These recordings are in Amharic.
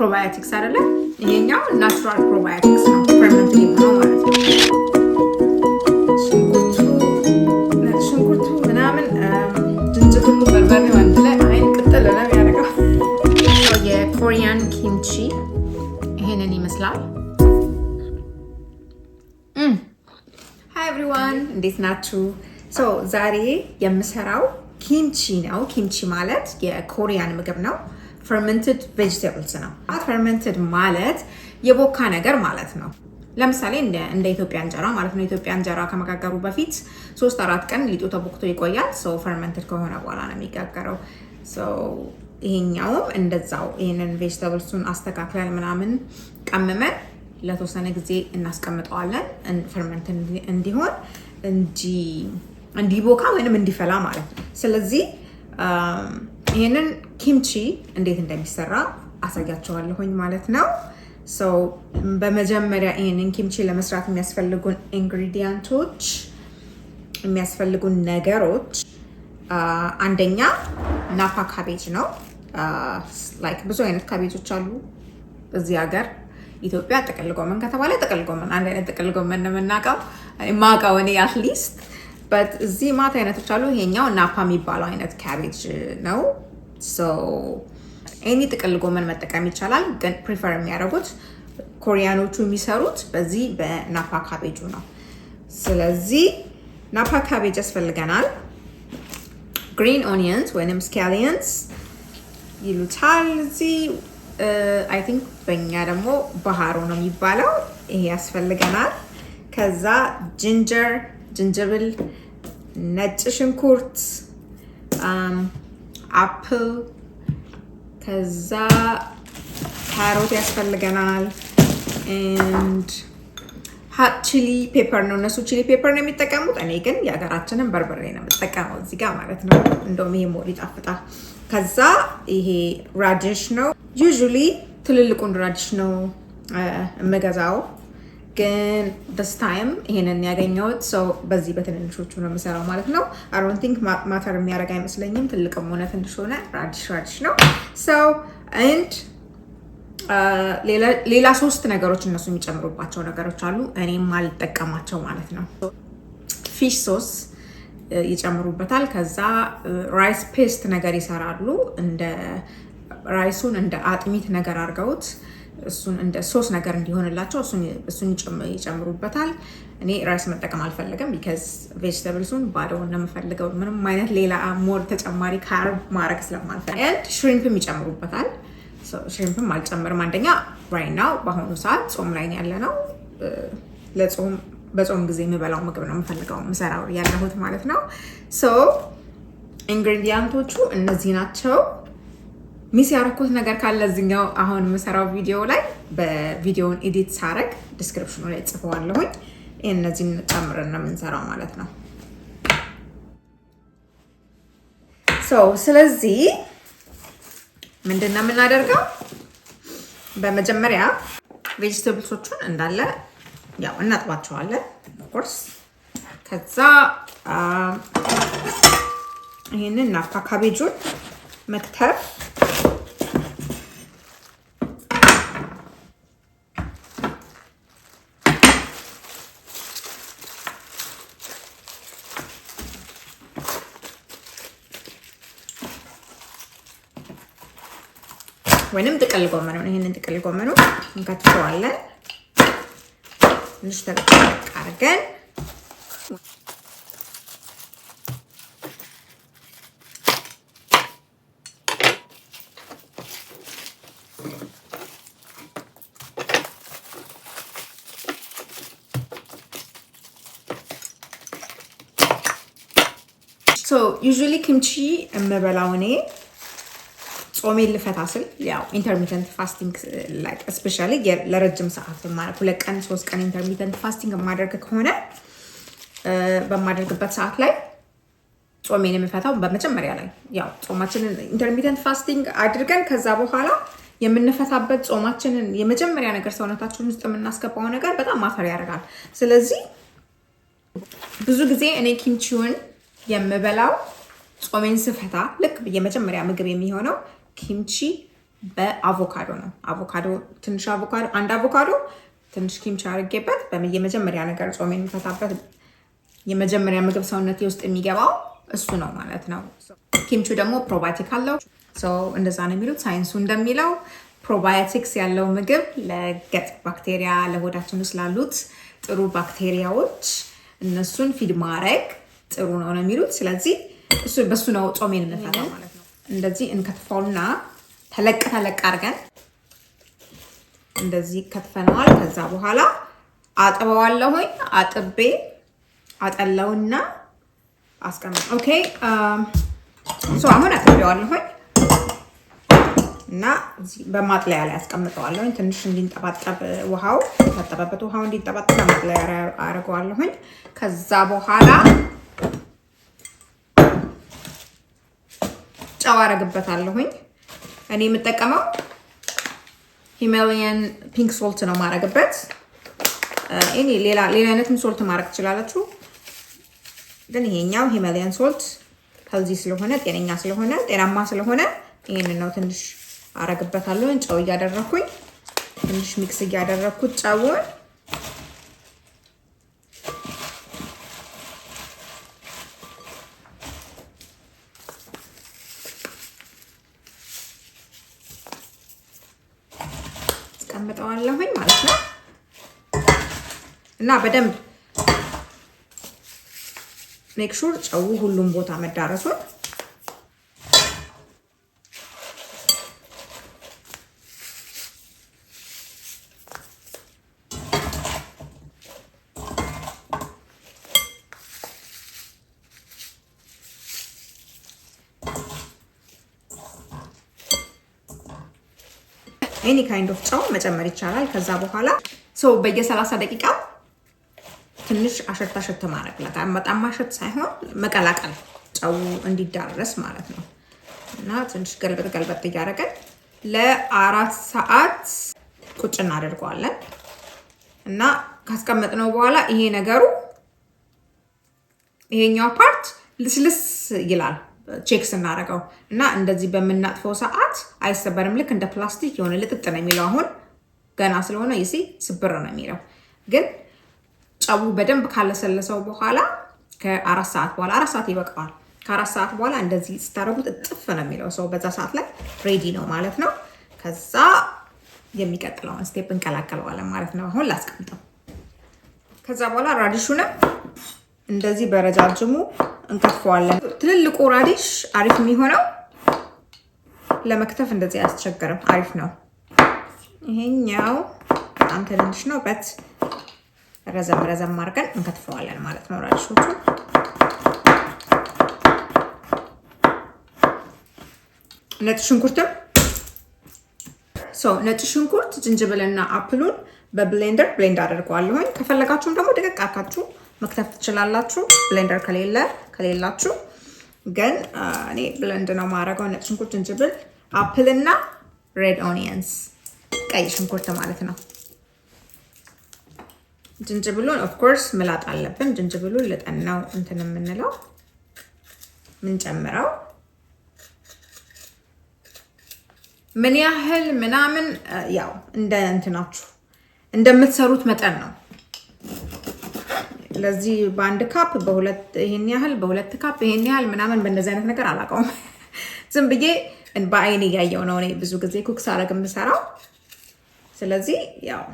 ፕሮባዮቲክስ አይደለ? ይሄኛው ናቹራል ፕሮባዮቲክስ ነው። ምናምን አይን ያደርገው። የኮሪያን ኪምቺ ይሄንን ይመስላል። ሃይ ኤቭሪዋን እንዴት ናችሁ? ዛሬ የምሰራው ኪምቺ ነው። ኪምቺ ማለት የኮሪያን ምግብ ነው። ፈርመንትድ ቬጅቴብልስ ነው። ፈርመንትድ ማለት የቦካ ነገር ማለት ነው። ለምሳሌ እንደ ኢትዮጵያ እንጀራ ማለት ነው። ኢትዮጵያ እንጀራ ከመጋገሩ በፊት ሶስት አራት ቀን ሊጡ ተቦክቶ ይቆያል። ሰው ፈርመንትድ ከሆነ በኋላ ነው የሚጋገረው። ይሄኛውም እንደዛው ይህንን ቬጅተብልሱን አስተካክለን ምናምን ቀምመን ለተወሰነ ጊዜ እናስቀምጠዋለን ፈርመንት እንዲሆን እንዲቦካ ወይንም እንዲፈላ ማለት ነው። ስለዚህ ይህንን ኪምቺ እንዴት እንደሚሰራ አሳያቸዋለሁኝ ማለት ነው። በመጀመሪያ ይህንን ኪምቺ ለመስራት የሚያስፈልጉን ኢንግሪዲየንቶች የሚያስፈልጉን ነገሮች አንደኛ ናፓ ካቤጅ ነው። ላይክ ብዙ አይነት ካቤጆች አሉ እዚህ ሀገር ኢትዮጵያ። ጥቅል ጎመን ከተባለ ጥቅል ጎመን አንድ አይነት ጥቅል ጎመን ነው የምናውቀው። ማውቀው እኔ አትሊስት በት እዚህ ማት አይነቶች አሉ። ይሄኛው ናፓ የሚባለው አይነት ካቤጅ ነው። ኤኒ ጥቅል ጎመን መጠቀም ይቻላል፣ ግን ፕሪፈር የሚያደርጉት ኮሪያኖቹ የሚሰሩት በዚህ በናፓ ካቤጁ ነው። ስለዚህ ናፓ ካቤጅ ያስፈልገናል። ግሪን ኦኒየንስ ወይም ስካሊየንስ ይሉታል እዚህ አይ ቲንክ በእኛ ደግሞ ባህሮ ነው የሚባለው። ይሄ ያስፈልገናል። ከዛ ጅንጀር ዝንጅብል፣ ነጭ ሽንኩርት፣ um, አፕል ከዛ ካሮት ያስፈልገናል። ኤንድ ሀት ቺሊ ፔፐር ነው። እነሱ ቺሊ ፔፐር ነው የሚጠቀሙት። እኔ ግን የሀገራችንን በርበሬ ነው የምጠቀመው እዚህ ጋር ማለት ነው። እንደውም ይሄ ሞድ ይጣፍጣል። ከዛ ይሄ ራዲሽ ነው። ዩዥሊ ትልልቁን ራዲሽ ነው uh, የምገዛው። ግን ዲስ ታይም ይሄንን ያገኘሁት ሰው በዚህ በትንንሾቹ ነው የምሰራው ማለት ነው። አሮን ቲንክ ማተር የሚያደርግ አይመስለኝም። ትልቅም ሆነ ትንሽ ሆነ ራዲሽ ራዲሽ ነው ሰው አንድ uh, ሌላ ሶስት ነገሮች እነሱ የሚጨምሩባቸው ነገሮች አሉ እኔም አልጠቀማቸው ማለት ነው። ፊሽ ሶስ uh, ይጨምሩበታል። ከዛ ራይስ uh, ፔስት ነገር ይሰራሉ። እንደ ራይሱን እንደ አጥሚት ነገር አድርገውት እሱን እንደ ሶስት ነገር እንዲሆንላቸው እሱን ይጨምሩበታል። እኔ ራይስ መጠቀም አልፈለገም። ቢከዝ ቬጅተብልሱን ባዶውን ለምፈልገው ምንም አይነት ሌላ ሞር ተጨማሪ ካርብ ማድረግ ስለማልፈልግ ኤንድ ሽሪምፕም ይጨምሩበታል። ሽሪምፕም አልጨምርም። አንደኛ ራይት ናው በአሁኑ ሰዓት ጾም ላይ ያለ ነው። ለጾም በጾም ጊዜ የምበላው ምግብ ነው የምፈልገው የምሰራው ያለሁት ማለት ነው። ሶ ኢንግሪዲያንቶቹ እነዚህ ናቸው። ሚስ ያረኩት ነገር ካለ እዚኛው አሁን የምሰራው ቪዲዮ ላይ በቪዲዮውን ኤዲት ሳረግ ዲስክሪፕሽኑ ላይ ጽፈዋለሁኝ። ይህ እነዚህን ጨምረን ነው የምንሰራው ማለት ነው። ስለዚህ ምንድን ነው የምናደርገው? በመጀመሪያ ቬጅቴብልሶቹን እንዳለ ያው እናጥባቸዋለን ኦፍኮርስ። ከዛ ይህንን ናፍታ ካቤጁን መክተፍ ወይንም ጥቅል ጎመን ነው። ይሄንን ጥቅል ጎመኑ እንከትፈዋለን ትንሽ ተለቅ አድርገን ዩዥዋሊ ኪምቺ የምበላው እኔ ጾሜን ልፈታ ስል ያው ኢንተርሚተንት ፋስቲንግ እስፔሻሊ ለረጅም ሰዓት ማለት ሁለት ቀን ሶስት ቀን ኢንተርሚተንት ፋስቲንግ የማደርግ ከሆነ በማደርግበት ሰዓት ላይ ጾሜን የምፈታው በመጀመሪያ ላይ ያው ጾማችንን ኢንተርሚተንት ፋስቲንግ አድርገን ከዛ በኋላ የምንፈታበት ጾማችንን የመጀመሪያ ነገር ሰውነታችን ውስጥ የምናስገባው ነገር በጣም ማተር ያደርጋል። ስለዚህ ብዙ ጊዜ እኔ ኪምቺውን የምበላው ጾሜን ስፈታ ልክ የመጀመሪያ ምግብ የሚሆነው ኪምቺ በአቮካዶ ነው። አቮካዶ ትንሽ አቮካዶ አንድ አቮካዶ ትንሽ ኪምቺ አድርጌበት የመጀመሪያ ነገር ጾም የሚፈታበት የመጀመሪያ ምግብ ሰውነቴ ውስጥ የሚገባው እሱ ነው ማለት ነው። ኪምቹ ደግሞ ፕሮባቲክ አለው። እንደዛ ነው የሚሉት ሳይንሱ እንደሚለው ፕሮባዮቲክስ ያለው ምግብ ለገጥ ባክቴሪያ ለሆዳችን ውስጥ ላሉት ጥሩ ባክቴሪያዎች እነሱን ፊድ ማድረግ ጥሩ ነው ነው የሚሉት። ስለዚህ በሱ ነው ጾሜን እንፈታ ማለት ነው። እንደዚህ እንከትፈውና ተለቅ ተለቅ አድርገን እንደዚህ ከትፈነዋል። ከዛ በኋላ አጥበዋለሁኝ። አጥቤ አጠለውና አስቀምጥ። ኦኬ ሶ አሁን አጥቤዋለሁኝ እና በማጥለያ ላይ አስቀምጠዋለሁኝ። ትንሽ እንዲንጠባጠብ ውሃው የታጠበበት ውሃው እንዲንጠባጠብ በማጥለያ አደርገዋለሁኝ። ከዛ በኋላ ጨው አረግበታለሁኝ። እኔ የምጠቀመው ሂማሊያን ፒንክ ሶልት ነው ማረግበት። እኔ ሌላ ሌላ አይነትም ሶልት ማድረግ ትችላላችሁ፣ ግን ይሄኛው ሂማሊያን ሶልት ከዚህ ስለሆነ ጤነኛ ስለሆነ ጤናማ ስለሆነ ይሄንን ነው ትንሽ አረግበታለሁኝ። ጨው እያደረኩኝ ትንሽ ሚክስ እያደረኩት ጨውን አስቀምጠዋለሁኝ ማለት ነው እና በደንብ ሜክሹር ጨው ሁሉም ቦታ መዳረሱን ኤኒ ካይንድ ኦፍ ጨው መጨመር ይቻላል። ከዛ በኋላ ሰው በየ30 ደቂቃው ትንሽ አሸት አሸት ማድረግ በጣም ማሸት ሳይሆን መቀላቀል ጨው እንዲዳረስ ማለት ነው። እና ትንሽ ገልበጥ ገልበጥ እያደረገን ለአራት ሰዓት ቁጭ እናደርገዋለን እና ካስቀመጥነው በኋላ ይሄ ነገሩ ይሄኛው ፓርት ልስልስ ይላል። ቼክ ስናደርገው እና እንደዚህ በምናጥፈው ሰዓት አይሰበርም። ልክ እንደ ፕላስቲክ የሆነ ልጥጥ ነው የሚለው። አሁን ገና ስለሆነ ይ ስብር ነው የሚለው። ግን ጨቡ በደንብ ካለሰለሰው በኋላ ከአራት ሰዓት በኋላ አራት ሰዓት ይበቃዋል። ከአራት ሰዓት በኋላ እንደዚህ ስታደርጉት እጥፍ ነው የሚለው ሰው በዛ ሰዓት ላይ ሬዲ ነው ማለት ነው። ከዛ የሚቀጥለውን ስቴፕ እንቀላቀለዋለን ማለት ነው። አሁን ላስቀምጠው። ከዛ በኋላ ራዲሹንም እንደዚህ በረጃጅሙ እንከትፈዋለን። ትልልቁ ራዲሽ አሪፍ የሚሆነው ለመክተፍ እንደዚህ አያስቸግርም፣ አሪፍ ነው። ይሄኛው በጣም ትንንሽ ነው በት ረዘም ረዘም አድርገን እንከትፈዋለን ማለት ነው ራዲሾቹ። ነጭ ሽንኩርትም ሰው ነጭ ሽንኩርት፣ ጅንጅብልና አፕሉን በብሌንደር ብሌንድ አደርገዋለሁኝ። ከፈለጋችሁም ደግሞ ደቀቅ አካችሁ መክተፍ ትችላላችሁ። ብለንደር ከሌለ ከሌላችሁ ግን እኔ ብለንድ ነው ማድረገው። ነጭ ሽንኩርት፣ ዝንጅብል፣ አፕል እና ሬድ ኦኒየንስ ቀይ ሽንኩርት ማለት ነው። ዝንጅብሉን ኦፍኮርስ ምላጥ አለብን። ዝንጅብሉን ልጠን ነው እንትን የምንለው ምንጨምረው ምን ያህል ምናምን ያው እንደ እንትናችሁ እንደምትሰሩት መጠን ነው። ለዚህ በአንድ ካፕ በሁለት ይሄን ያህል በሁለት ካፕ ይሄን ያህል ምናምን በእንደዚህ አይነት ነገር አላውቀውም። ዝም ብዬ በአይን እያየው ነው እኔ ብዙ ጊዜ ኩክ ሳረግ የምሰራው። ስለዚህ ያው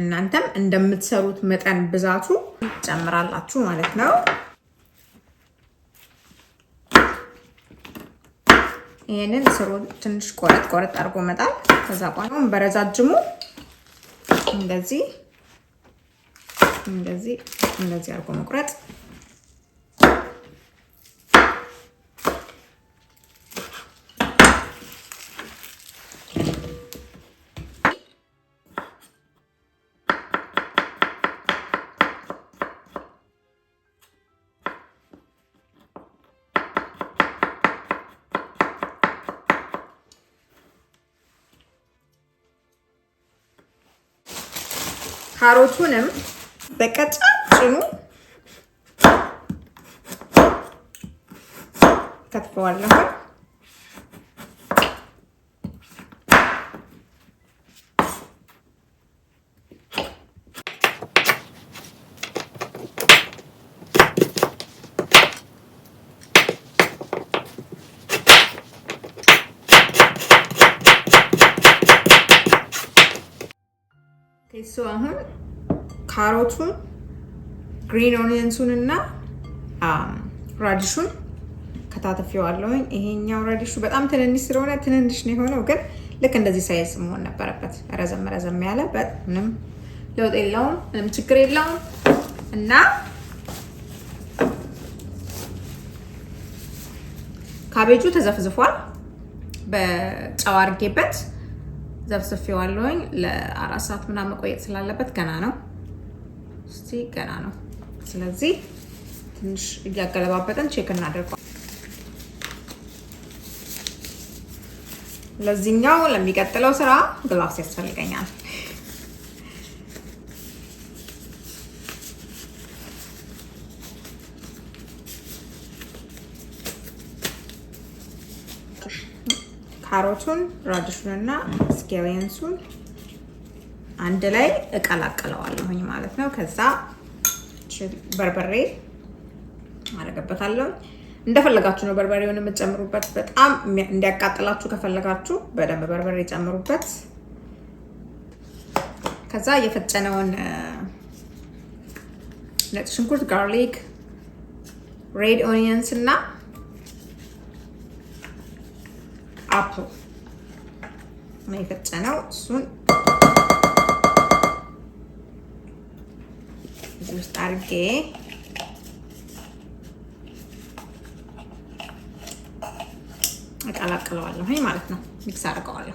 እናንተም እንደምትሰሩት መጠን ብዛቱ ጨምራላችሁ ማለት ነው። ይህንን ስሩ ትንሽ ቆረጥ ቆረጥ አድርጎ መጣል ከዛ በረዛጅሙ እንደዚህ እንደዚህ እንደዚህ አድርጎ መቁረጥ ካሮቱንም 내 kaczanku. ከትፈዋለሁ። እሱ አሁን ካሮቱን ግሪን ኦኒየንሱን እና ራዲሹን um, ከታተፊዋለሁኝ። ይሄኛው ራዲሹ በጣም ትንንሽ ስለሆነ ትንንሽ ነው የሆነው፣ ግን ልክ እንደዚህ ሳይዝ መሆን ነበረበት። ረዘም ረዘም ያለ ምንም ለውጥ የለውም፣ ምንም ችግር የለውም እና ካቤጁ ተዘፍዝፏል። በጨው አድርጌበት ዘፍዝፌዋለሁኝ። ለአራት ሰዓት ምናምን መቆየት ስላለበት ገና ነው። እስቲ ገና ነው። ስለዚህ ትንሽ እያገለባበጠን ቼክ እናደርገዋል። ለዚህኛው ለሚቀጥለው ስራ ግላፍስ ያስፈልገኛል። ካሮቱን ራዲሹንና ስኬሊየንሱን አንድ ላይ እቀላቅለዋለሁኝ ማለት ነው። ከዛ በርበሬ አደርግበታለሁ። እንደፈለጋችሁ ነው በርበሬውን የምትጨምሩበት። በጣም እንዲያቃጥላችሁ ከፈለጋችሁ በደንብ በርበሬ ጨምሩበት። ከዛ የፈጨነውን ነጭ ሽንኩርት፣ ጋርሊክ፣ ሬድ ኦኒየንስ እና አፕል ነው የፈጨነው እሱን እዚህ ውስጥ አድርጌ እቀላቅለዋለሁ ማለት ነው። ሚክስ አድርገዋለሁ።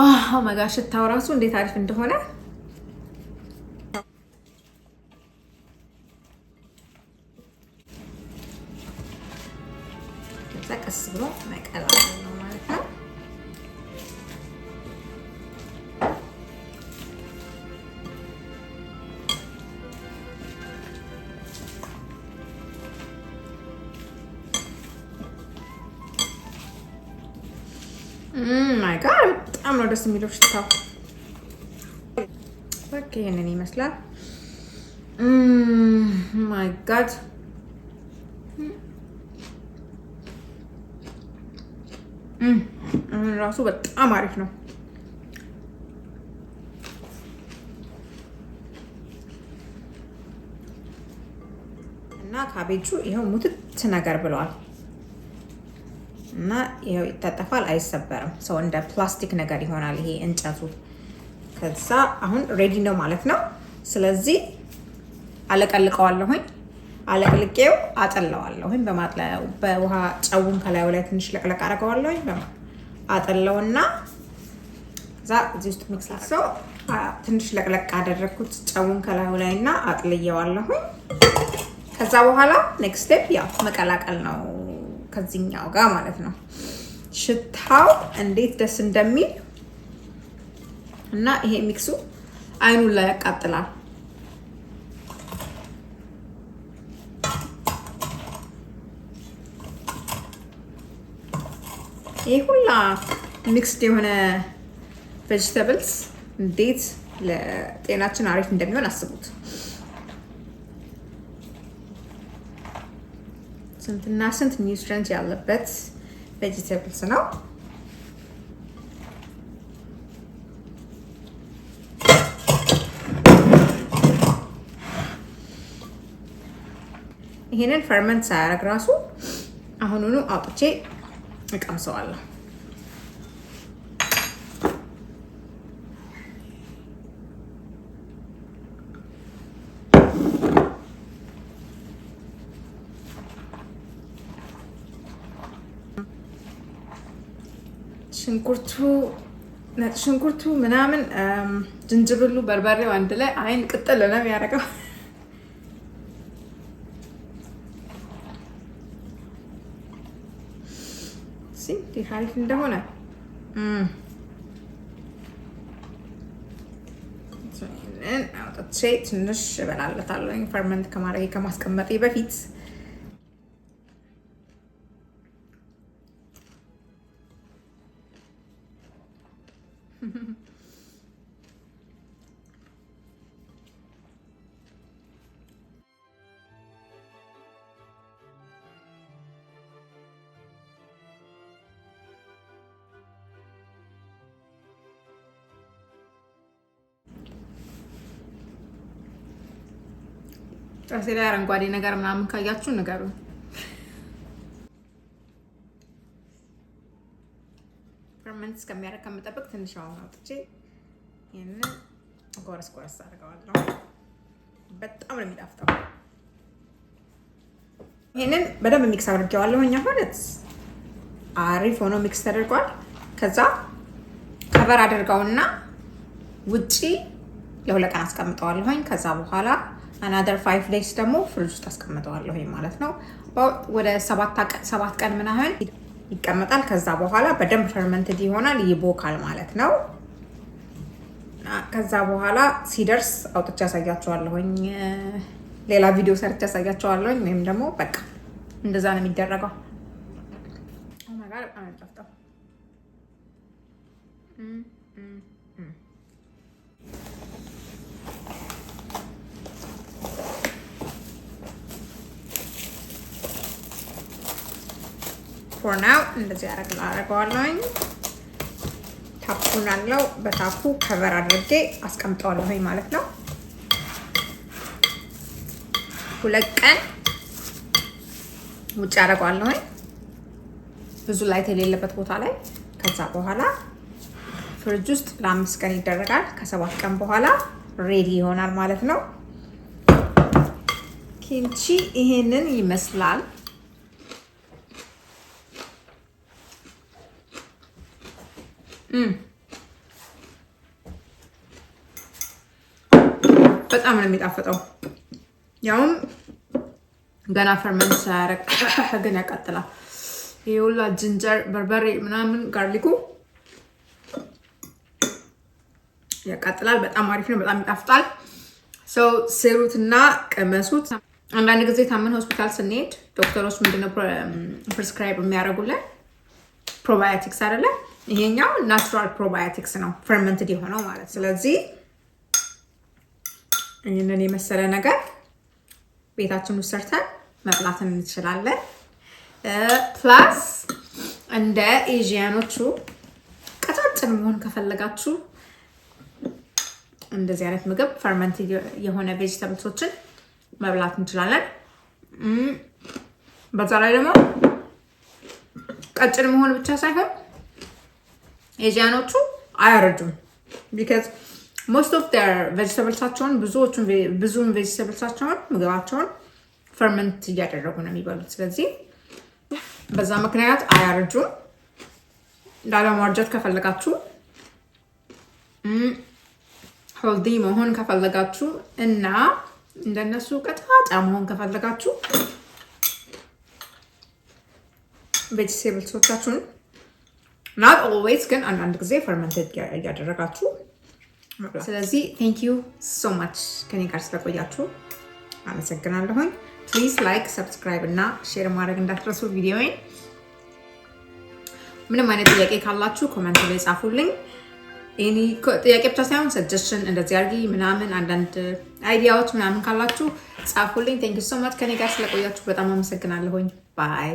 ኦ ማይ ጋድ ሽታው ራሱ እንዴት አሪፍ እንደሆነ ማይ ጋድ በጣም ነው ደስ የሚለው ሽታው። በቃ ይሄንን ይመስላል። ማይ ጋድ ራሱ በጣም አሪፍ ነው። እና ካቤጁ ይኸው ሙትት ነገር ብለዋል። እና ይኸው ይታጠፋል፣ አይሰበርም። ሰው እንደ ፕላስቲክ ነገር ይሆናል ይሄ እንጨቱ። ከዛ አሁን ሬዲ ነው ማለት ነው። ስለዚህ አለቀልቀዋለሁኝ። አለቅልቄው አጠለዋለሁኝ በማጥለያው በውሃ ጨውን ከላዩ ላይ ትንሽ ለቅለቅ አደርገዋለሁኝ። አጠለውና ከዛ እዚህ ውስጥ ሚክስ ሰው ትንሽ ለቅለቅ አደረግኩት ጨውን ከላዩ ላይ እና አጥልየዋለሁኝ። ከዛ በኋላ ኔክስት ስቴፕ ያው መቀላቀል ነው። ከዚህኛው ጋር ማለት ነው። ሽታው እንዴት ደስ እንደሚል እና ይሄ ሚክሱ አይኑን ላይ ያቃጥላል። ይህ ሁላ ሚክስድ የሆነ ቬጅተብልስ እንዴት ለጤናችን አሪፍ እንደሚሆን አስቡት። ስንትና ስንት ኒውትረንት ያለበት ቬጂቴብልስ ነው። ይሄንን ፈርመንት ሳያረግ ራሱ አሁኑኑ አውጥቼ እቀምሰዋለሁ። ሽንኩርቱ ነጭ ሽንኩርቱ ምናምን ዝንጅብሉ በርበሬው አንድ ላይ አይን ቅጥል ነው የሚያደርገው። ሪፍ አሪፍ እንደሆነ አውጥቼ ትንሽ እበላለታለሁ ፈርመንት ከማድረግ ከማስቀመጤ በፊት ጥርሴ ላይ አረንጓዴ ነገር ምናምን ካያችሁ ንገሩኝ። ፐርመንት እስከሚያደርግ ከምጠብቅ ትንሽ አሁን አውጥቼ ይህንን ጎረስ ጎረስ አድርገዋለሁ። በጣም ነው የሚጣፍጠው። ይህንን በደንብ ሚክስ አድርጌዋለሁ። እኛ ሆነት አሪፍ ሆኖ ሚክስ ተደርጓል። ከዛ ከበር አድርገውና ውጪ ለሁለት ቀን አስቀምጠዋለሁኝ። ከዛ በኋላ አናደር ፋይቭ ዴይስ ደግሞ ፍሪጅ ውስጥ አስቀምጠዋለሁ ማለት ነው። ወደ ሰባት ቀን ምናምን ይቀመጣል። ከዛ በኋላ በደንብ ፈርመንትድ ይሆናል፣ ይቦካል ማለት ነው። ከዛ በኋላ ሲደርስ አውጥቼ ያሳያቸዋለሁኝ። ሌላ ቪዲዮ ሰርቼ ያሳያቸዋለሁኝ። ወይም ደግሞ በቃ እንደዛ ነው የሚደረገው። በጣም ፎርን አውት እንደዚህ አረገዋለሁኝ። ታፑን አለው በታፑ ከቨር አድርጌ አስቀምጠዋለሁኝ ማለት ነው። ሁለት ቀን ውጭ አደርገዋለሁኝ ብዙ ላይት የሌለበት ቦታ ላይ። ከዛ በኋላ ፍሪጅ ውስጥ ለአምስት ቀን ይደረጋል። ከሰባት ቀን በኋላ ሬዲ ይሆናል ማለት ነው። ኪምቺ ይሄንን ይመስላል። በጣም ነው የሚጣፍጠው። ያውም ገና ፈርመንት ሳያረግ ግን ያቃጥላል። ይሄ ሁላ ጅንጀር በርበሬ ምናምን ጋርሊኩ ያቃጥላል። በጣም አሪፍ ነው። በጣም ይጣፍጣል። ሰው ስሩትና ቅመሱት። አንዳንድ ጊዜ ታምን ሆስፒታል ስንሄድ ዶክተሮች ምንድነው ፕሪስክራይብ የሚያደርጉልን? ፕሮባዮቲክስ አይደለም ይሄኛው ናቹራል ፕሮባዮቲክስ ነው ፈርመንትድ የሆነው ማለት። ስለዚህ ይህንን የመሰለ ነገር ቤታችን ውስጥ ሰርተን መብላት እንችላለን። ፕላስ እንደ ኤዥያኖቹ ቀጫጭን መሆን ከፈለጋችሁ እንደዚህ አይነት ምግብ ፈርመንት የሆነ ቬጅተብልሶችን መብላት እንችላለን። በዛ ላይ ደግሞ ቀጭን መሆን ብቻ ሳይሆን ኤዥያኖቹ አያረጁም ቢካዝ ሞስት ኦፍ ር ቬጅተብልሳቸውን ብዙዎቹን ብዙውን ቬጅተብልሳቸውን ምግባቸውን ፈርመንት እያደረጉ ነው የሚበሉት። ስለዚህ በዛ ምክንያት አያርጁም። ላለማርጀት ከፈለጋችሁ ሆልዲ መሆን ከፈለጋችሁ እና እንደነሱ ቀጣጣ መሆን ከፈለጋችሁ ቬጅቴብልሶቻችሁን ናት ኦልዌይስ ግን አንዳንድ ጊዜ ፈርመንትድ እያደረጋችሁ ስለዚህ ቴንክ ዩ ሶ ማች ከኔ ጋር ስለቆያችሁ አመሰግናለሁኝ። ፕሊዝ ላይክ፣ ሰብስክራይብ እና ሼር ማድረግ እንዳትረሱ ቪዲዮዬን። ምንም አይነት ጥያቄ ካላችሁ ኮመንት ላይ ጻፉልኝ። ጥያቄ ብቻ ሳይሆን ሰጀሽን እንደዚህ አድርጊ ምናምን አንዳንድ አይዲያዎች ምናምን ካላችሁ ጻፉልኝ። ቴንክ ዩ ሶ ማች ከኔ ጋር ስለቆያችሁ በጣም አመሰግናለሁኝ። ባይ